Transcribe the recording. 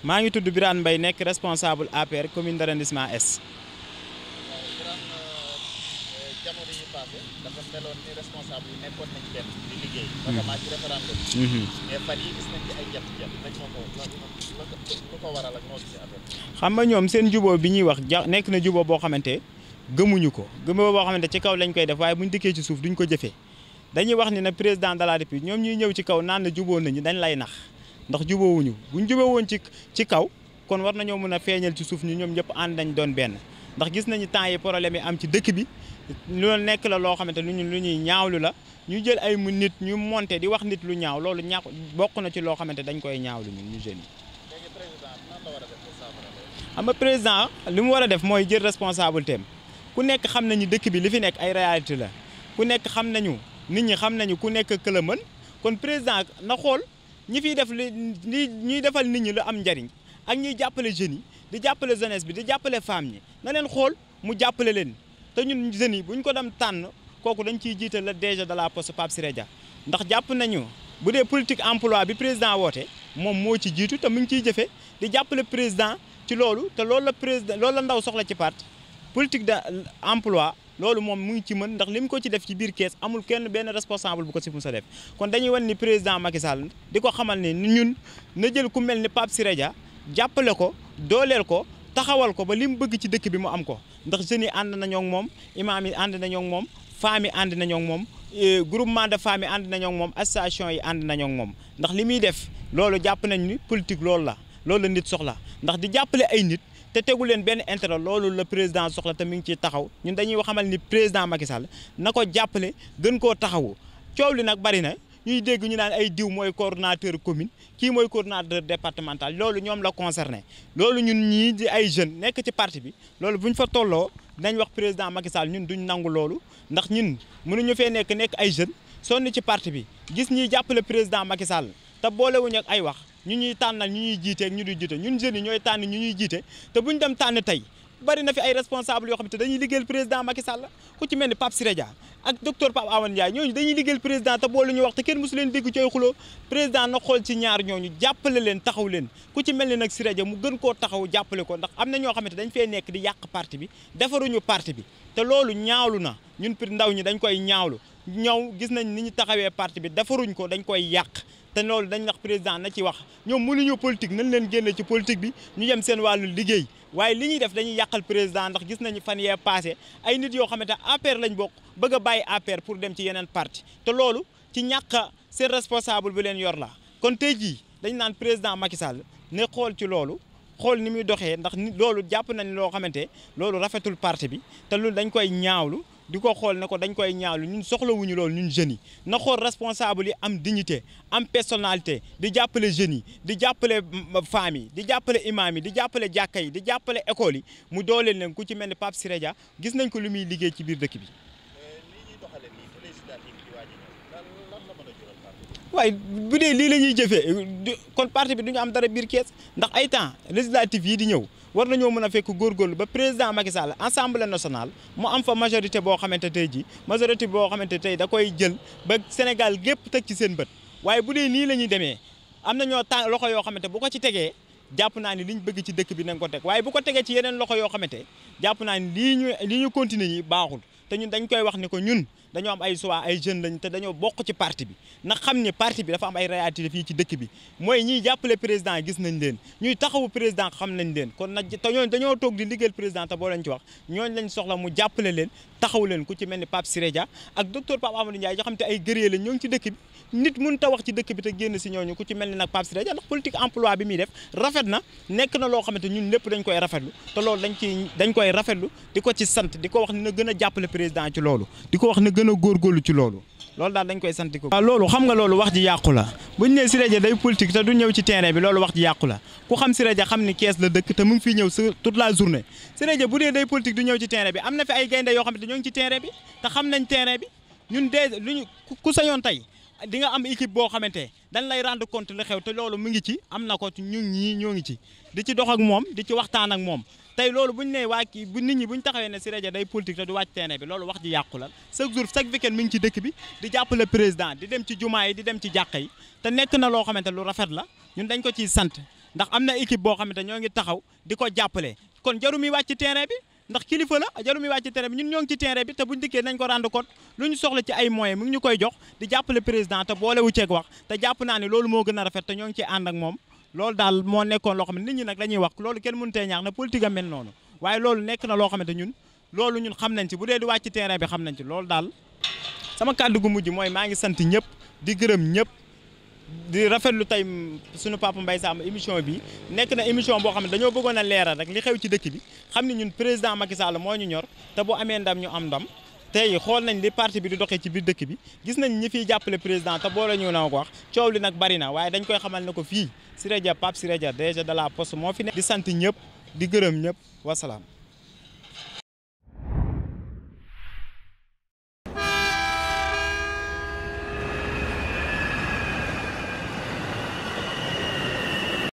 maa ngi tudd Birane mbay nekk responsable APR commune d'arrondissement Est. jamono yi ma ñoom seen juboo bi ñuy wax ja nekk na juboo boo xamante gëmuñu ko gëmoo boo xamante ci kaw lañ koy def waaye buñ dikkee ci suuf duñ ko jëfee dañuy wax ni na président de la république ñoom ñuy ñëw ci kaw naan na juboo nañu dañ lay nax. ndax jubóowuñu buñ jubóowoon ci ci kaw kon war nañoo mën a feeñal ci suuf ñu ñoom ñëpp ànd dañ doon benn ndax gis nañu temps yi problème yi am ci dëkk bi loolu nekk la loo xamante lu ñu lu ñuy ñaawlu la ñu jël ay mu nit ñu monte di wax nit lu ñaaw loolu ñaaw bokk na ci loo xamante dañ koy ñaawlu ñun ñu jeunes yi xam nga président li mu war a def mooy jël responsabilité am ku nekk xam nañu dëkk bi li fi nekk ay réalité la ku nekk xam nañu nit ñi xam nañu ku nekk këla mën kon président na xool ñi fiy def li ñuy defal nit ñi la am njariñ ak ñuy jàppale jeunes yi di jàppale jeunesse bi di jàppale femmes yi na leen xool mu jàppale leen te ñun jeunes yi bu ñu ko dem tànn kooku dañ ciy jiital la DG de la poste Pape Siré Dia ndax jàpp nañu bu dee politique emploi bi président woote moom moo ci jiitu te mu ngi ciy jëfe di jàppale président ci loolu te loolu la président loolu la ndaw soxla ci part politique de emploi loolu moom mu ngi ci mën ndax li mu ko ci def ci biir kees amul kenn benn responsable bu ko si musa def kon dañuy wan ni président Macky di ko xamal ne ñun na jël ku mel ni pap Siré Dia jàppale ko dooleel ko taxawal ko ba li mu bëgg ci dëkk bi mu am ko ndax jeunes yi ànd nañoo ak moom imaam yi ànd nañoo ak moom femmes yi ànd nañoo moom e, groupement de femmes yi ànd nañoo moom association yi ànd nañoo ak moom ndax li muy def loolu jàpp nañ ni politique loolu la loolu la nit soxla ndax di jàppale ay nit te tegu leen benn intérêt loolu la président soxla te mi ngi ciy taxaw ñun dañuy wax xamal ni président Macky Sall na ko jàppale gën koo taxaw coow li nag bari na ñuy dégg ñu naan ay diw mooy coordonnateur commune kii mooy coordonnateur départemental loolu ñoom la concerné loolu ñun ñii di ay jeunes nekk ci parti bi loolu bu ñu fa tolloo nañ wax président Macky Sall ñun duñ nangu loolu ndax ñun mënuñu fee nekk nekk ay jeunes sonn ci parti bi gis ñiy jàppale président Macky Sall te boolewuñu ak ay wax. ñu ñuy tànnal ñu ñuy jiitee ñu di jiite ñun jeunes yi ñooy tànn ñu ñuy jiite te bu ñu dem tànn tey bari na fi ay responsable yoo xam te dañuy liggéey président Macky Sall ku ci mel ni Pape Siré Dia ak docteur Pape Awane ñooñu dañuy liggéeyal président te boolu ñu wax te kenn mosu leen dégg cooy xuloo président na xool ci ñaar ñooñu jàppale leen taxaw leen ku ci mel ni nag Siré Dia mu gën koo taxaw jàppale ko ndax am na ñoo xamante dañ fee nekk di yàq parti bi defaruñu parti bi te loolu ñaawlu na ñun ndaw ñi dañ koy ñaawlu ñaw gis nañ ni ñu taxawee parti bi defaruñ ko dañ koy yàq te loolu dañ nax président na ci wax ñoom mënuñu politique nañ leen génne ci politique bi ñu yem seen wàllu liggéey waaye li ñuy def dañuy yàqal président ndax gis nañu fan yee passé ay nit yoo xamante APR lañ bokk bëgg bàyyi APR pour dem ci yeneen parti te loolu ci ñàkk seen responsable bi leen yor la kon tey jii dañ naan président Macky Sall ne xool ci loolu xool ni muy doxee ndax loolu jàpp nañ loo xamante loolu rafetul parti bi te loolu dañ koy ñaawlu di ko xool ne ko dañ koy ñaawlu ñun soxlawuñu loolu ñun jeunes yi na xool responsable yi am dignité am personnalité di jàppale jeunes yi di jàppale mm, mm, femmes yi di jàppale imam yi di jàppale jàkka yi di jàppale école yi mu dooleel leen ku ci mel ni Pape Siré Dia gis nañ ko lu muy liggéey ci biir dëkk bi waaye bu dee lii la ñuy jëfee kon parti bi du ñu am dara biir kees ndax ay temps législative yi di ñëw war nañoo mën a fekk góorgóorlu ba président Macky Sall assemblée nationale mu am fa majorité boo xamante tey jii majorité boo xamante tey da koy jël ba Sénégal gépp teg ci seen bët waaye bu dee nii la ñuy demee am na ñoo loxo yoo xamante bu ko ci tegee jàpp naa ni li ñu bëgg ci dëkk bi nañ ko teg waaye bu ko tegee ci yeneen loxo yoo xamante jàpp naa ni lii ñu lii ñu continuer yi baaxul te ñun dañ koy wax ni ko ñun dañoo ay choix ay jeunes lañ te dañoo bokk ci parti bi na xam ne parti bi dafa am ay réalité fii ci dëkk bi mooy ñiy jàppale président gis nañ leen ñuy taxawu président xam nañ leen kon nag te dañoo toog di liggéeyal président te boo leen ci wax ñooñu lañ soxla mu jàppale leen taxawu leen ku ci mel ni Pape Siré Dia ak docteur Pape Amadou Ndiaye yoo xam te ay gëree lañ ñoo ngi ci dëkk bi nit mun ta wax ci dëkk bi te génn si ñu ku ci mel ni nag Pape Siré Dia ndax politique emploi bi muy def rafet na nekk na loo xamante ñun lépp dañ koy rafetlu te loolu dañ ciy dañ koy rafetlu di ko ci sant di ko wax na gën a jàppale président ci loolu di ko wax na gën a góorgóorlu ci loolu loolu daal dañ koy sant ko waaw loolu xam nga loolu wax ji yàqu la buñ ne Siré Dia day politique te du ñëw ci terrain bi loolu wax ji yàqu la ku xam Siré xam ni kees la dëkk te mu ngi fii ñëw sa toute la journée Siré Dia bu dee day politique du ñëw ci terrain bi am na fi ay gaynde yoo xamante te xam nañ terrain bi ñun dee luñu ku sañoon tey di nga am équipe boo xamante dañ lay rendre compte lu xew te loolu mu ngi ci am na ko ñu ñii ñoo ngi ci di ci dox ak moom di ci waxtaan ak moom tey loolu bu ñu nee waa kii bu nit ñi bu ñu taxawee ne si Dia day politique te du wàcc terrain bi loolu wax ji yàqu la chaque jour chaque weekend mi ngi ci dëkk bi di la président di dem ci jumaa yi di dem ci jàkka yi te nekk na loo xamante lu rafet la ñun dañ ko ciy sant ndax am na équipe boo xamante ñoo ngi taxaw di ko jàppale kon jaru mi wàcc terrain bi ndax kilifa la jaru mi wàcc ci terrain bi ñun ñoo ngi ci terrain bi te bu dikkee nañ ko rendre compte lu ñu soxla ci ay moyens mu ngi koy jox di jàppale président te boolewu ceeg wax te jàpp naa ne loolu moo gën a rafet te ñoo ngi ci ànd ak moom loolu daal moo nekkoon loo xam ne nit ñi nag la ñuy wax loolu kenn mënutee ñaax na politique a mel noonu waaye loolu nekk na loo xamante ñun loolu ñun xam nañ ci bu dee di wàcc terrain bi xam nañ ci loolu daal sama kàddu gu mujj mooy maa ngi sant ñëpp di gërëm ñëpp di rafetlu tey suñu papa Mbaye Samb émission bi nekk na émission boo xam ne dañoo bëggoon a leeral rek li xew ci dëkk bi xam ne ñun président Macky Sall moo ñu ñor te bu amee ndam ñu am ndam tey xool nañ li parti bi di doxee ci biir dëkk bi gis nañ ñi fi jàppale président te boole ñu na ko wax coow li nag bari na waaye dañ koy xamal ne ko fii si Dia Pape si Dia DG de la Poste moo fi nekk di sant ñëpp di gërëm ñëpp wasalaam